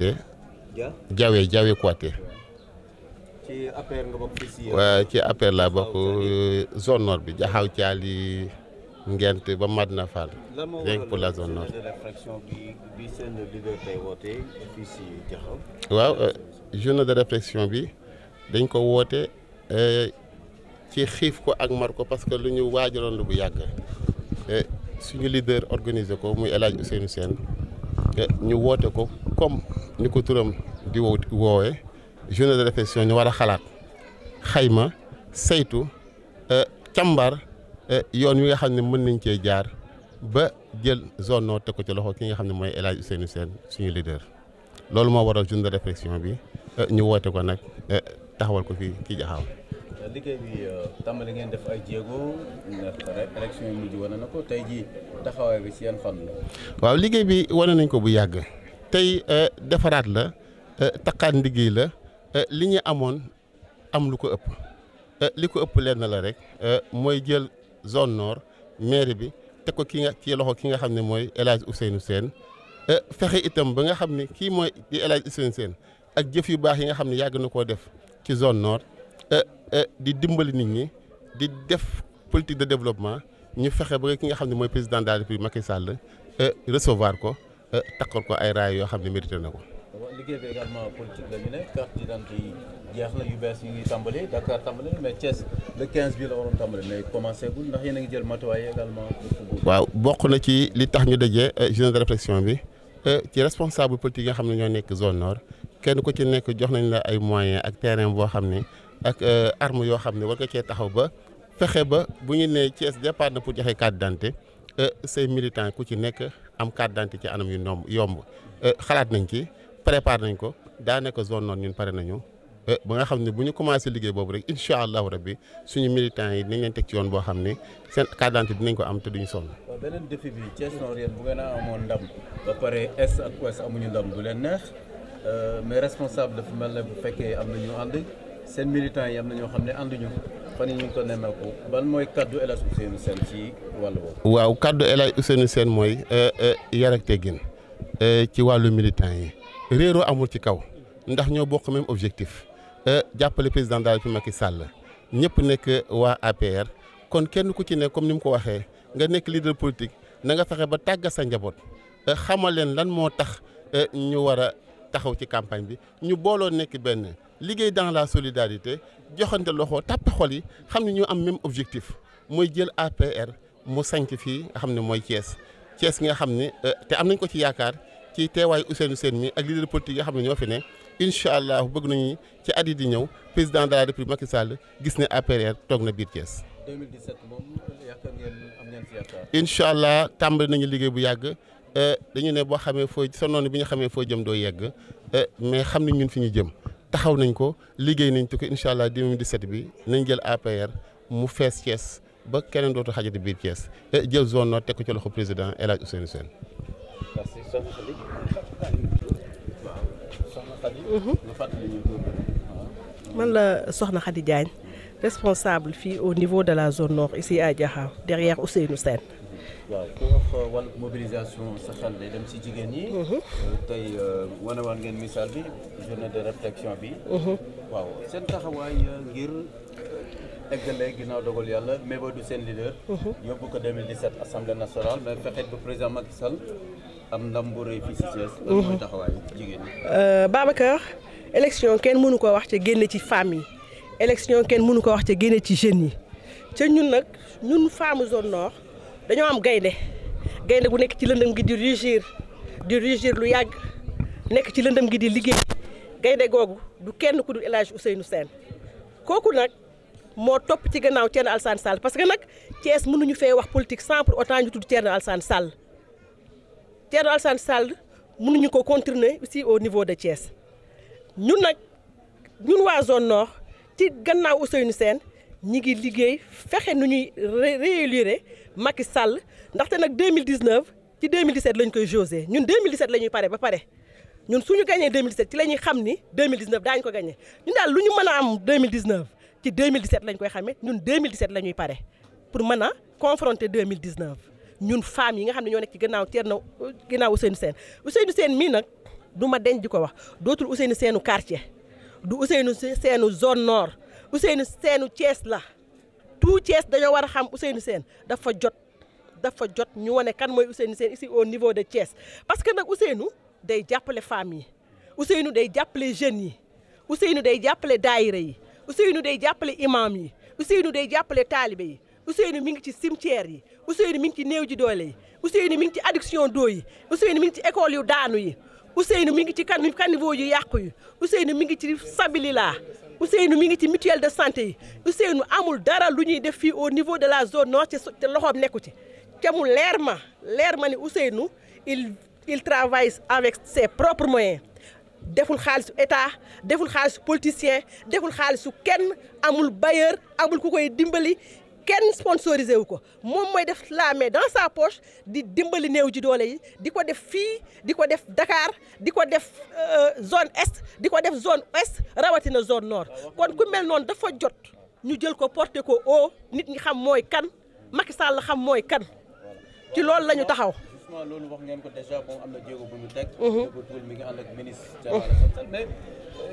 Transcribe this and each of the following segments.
Kouaté. Diawé Diawé Kouaté. ci APR nga bokk fii waaw ci APR laa bokk euh, zone ba Madina Fall. léegi pour la zone nord. Euh, de réflexion bi dañ ko woote euh, ci xiif ko ak mar ko parce que lu ñu waajaloon lu bu yàgg suñu leader organisé ko muy El Hadj Ousseynou Sène ñu woote ko. comme ni ko turam di woo woowee journée de réflexion ñu war a xalaat xayma saytu euh, càmbar euh, yoon wi nga xam ne mën nañ cee jaar ba jël zone nord te ko ci loxo ki nga xam ne mooy El Hadj Ousseynou Sène suñu leader loolu moo waral journée de réflexion bi euh, ñu woote ko nag taxawal ko fii ci jaxaaw liggéey bi tàmbali ngeen def ay jéego ndax élection yi mujj wane na ko tey jii taxawaay bi si yan fan waaw liggéey bi wane nañ ko bu yàgg. tey euh, defaraat la euh, takkaat ndigg la euh, li ñu amoon am lu ko ëpp li ko ëpp lenn la rek mooy jël zone nord maire bi te ko ki nga ci loxo ki nga xam ne mooy El Hadj Ousseynou Sène fexe itam ba nga xam ne kii mooy di El seen Ousseynou Sène ak jëf yu baax yi nga xam ne yàgg na koo def ci zone nord di dimbali nit ñi di def politique de développement ñu fexe ba ki nga xam ne mooy président de la République Macky Sall recevoir ko. takkal ko ay raay yoo xam ne mérité na ko. liggéey bi également yi jeex na yu bees yi ngi tàmbali Dakar tàmbali mais Thiès le la waroon tàmbali commencé gul ndax yéen a ngi waaw bokk na ci li tax ñu daje euh, journée de réflexion bi euh, ci responsable politique yi nga xam ne ñoo nekk zone nord kenn ku ci nekk jox nañ la ay moyen ak terrain boo xam ne ak euh, arme yoo xam ne war nga cee taxaw ba fexe ba bu ñu nee Thiès départ na pour joxe carte d'identité say militant ku ci nekk. am carte d'identité ci anam yu yomb yomb euh, xalaat nañ ci préparé nañ ko daanaka zone noonu ñun pare nañu euh, ba nga xam ne bu ñu commencé liggéey boobu rek incha allahu rabbi suñu militants yi ni leen teg ci yoon boo xam ne seen carte d'identité nañ ko am te duñu sonn. waaw beneen défi bi Thiès Nord yéen bu ngeen a amoon ndam ba pare est ak ouest amuñu ndam du leen neex euh, mais responsable dafa mel bu fekkee am na ñu ànd. seen militant yi am na ñoo xam ne ànduñu fan yi ñu ngi ko nemmeeku ban mooy kaddu El Hadj Ousseynou seen ci wàllu woowu. waaw kaddu El Hadj Ousseynou seen mooy euh, euh, yar ak teggin euh, ci wàllu militant yi réeroo amul ci kaw ndax ñoo bokk même objectif jàppale président daal fi Macky Sall ñëpp nekk waa APR kon kenn ku ci ne comme ni mu ko waxee nga nekk leader politique na nga fexe ba tàggat sa njaboot xamal leen lan moo tax ñu war a taxaw ci campagne bi ñu booloo nekk benn. liggéey dans la solidarité joxante loxo tàppe xol yi xam ne ñu am même objectif mooy jël APR mu sanc fii nga xam ne mooy cees Thiès nga xam ni euh, te am nañ ko ci yaakaar ci teewaayu Ousseynou Sène mi ak leader politique yi nga xam ne ñoo fi ne incha allah bëgg nañu ci at yi di ñëw président de la république Sall gis ne APR toog na biir Thiès. 2017 moom incha allah tàmbali nañu liggéey bu yàgg euh, dañu ne boo xamee foo sa noonu bi nga xamee foo jëm doo yegg euh, mais xam ne ñun fi ñu jëm. taxaw nañ ko liggéey nañ ko incha allah di 2017 bi nañ jël APR mu fees Thiès ba keneen dootu xajati biir Thiès te jël zone noo teg ko ci loxo président El Hadj Ousseynou Sène. merci mhm. man la soxna Khady Diagne. responsable fii au niveau de la zone nord ici à Diakhao derrière Ousseynou Sène. waaw ku wax mobilisation sa xel day dem si jigéen ñi. Mhm. Euh, tey euh, wane waan ngeen misaal bi journée de réflexion bi. Mhm. waaw seen taxawaay euh, ngir eggale ginnaaw dogal yàlla mébadu seen leader. Mhm. yóbbu ko 2017 assemblée nationale mais fexeet ba président Macky Sall am ndam bu rëy fii si Thiès. loolu mooy taxawaay jigéen ñi. élection kenn mënu ko wax ci génn ci famille élection kenn mënu ko wax ca génne ci jeunes yi ca ñun nag ñun femme zone nord dañoo am gaynde gaynde gu nekk ci lëndëm gi di rugir di rugir lu yàgg nekk ci lëndëm gi di liggéey gaynde googu du kenn ku dul El Hadj Ousseynou kooku nag moo topp ci gannaaw Thierno Alassane Sall parce que nag Thiès mënuñu fee wax politique sans pour autant ñu tudd Thierno Alassane Sall Thierno Alassane Sall mënuñu ko continuer aussi au niveau de Thiès ñun nag ñun waa zone nord. ci gannaaw Ousseynou seen ñi ngi liggéey fexe nu ñuy réélire Macky Sall ndaxte nag 2019 ci 2017 lañ koy josé ñun 2017 la ñuy pare ba pare ñun suñu gagné 2017 ci la ñuy xam ni 2019 daañu ko gagné ñun daal lu ñu mën a am 2019 ci 2017 lañ koy xamee ñun 2017 la ñuy pare pour mën a confronter 2019 ñun femmes yi nga xam ne ñoo nekk ci gannaaw Thierno gannaaw Ousseynou Sène Ousseynou seen mii nag du ma denc di ko wax dootul Ousseynou seenu quartier du Ousseynou Seenu zone nord Ousseynou Seenu cees la tout cees dañoo war a xam Ousseynou Seen dafa jot dafa jot ñu wane kan mooy Ousseynou Seen ici au niveau de Thiès parce que nag Ousseynou day jàppale femmes yi Ousseynou day jàppale jeunes yi Ousseynou day jàppale daayira yi Ousseynou day jàppale imam yi Ousseynou day jàppale taalibe yi Ousseynou mi ngi ci cimetière yi Ousseynou mi ngi ci néew ji doole yi Ousseynou mi ngi ci adduction d'eau yi Ousseynou mi ngi ci école yu daanu yi Ousseynou mi ngi ci kan caniveau yu yàqu yi Ousseynou mi ngi ci sabilila Ousseynou mi ngi ci mutuelle de santé yi Ousseynou amul dara lu ñuy def fii au niveau de la zone nord ci te loxoom nekku ci te mu leer ma leer ma ni Ousseynou il il travaille avec ses propres moyen deful xaalisu état deful xaalis politicien deful xaalisu kenn amul bailleur amul ku koy dimbali kenn sponsorisé wu ko moom mooy def la main dans sa poche di dimbali néew ji doole yi di ko def fii di ko def dakaar di ko def euh, zone est di ko def zone ouest rawatina zone nord kon ku mel noonu dafa jot ñu jël ko porté ko au nit ñi xam mooy kan Macky Sall la xam mooy kan ci loolu la ñu taxaw. loolu wax ngeen ko déjà bon am na jéego bu ñu teg. Mhm. mi ngi ànd ak ministre. mais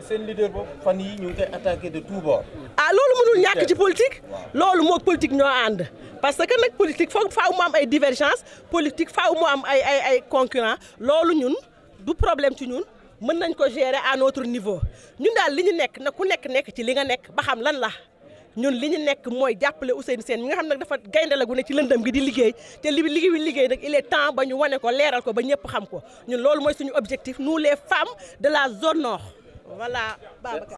seen leader boobu fan yi ñu ngi koy ah, loolu mënul ñàkk ci politique. loolu moo politique ñoo ànd. parce que nag politique foog faaw mu am ay divergence politique faw mu am ay ay ay concurrent loolu ñun du problème ci ñun mën nañ ko gérer à notre niveau ñun daal li ñu nekk nag ku nekk nekk ci li nga nekk ba xam lan la. ñun li ñu nekk mooy jàppale Ousseynou seen mi nga xam nag dafa gayndalagu ne ci lëndam gi di liggéey te li li bi liggéey nag il est temps ba ñu wane ko leeral ko ba ñëpp xam ko ñun loolu mooy suñu objectif nous les femmes de la zone nord voilà Babacar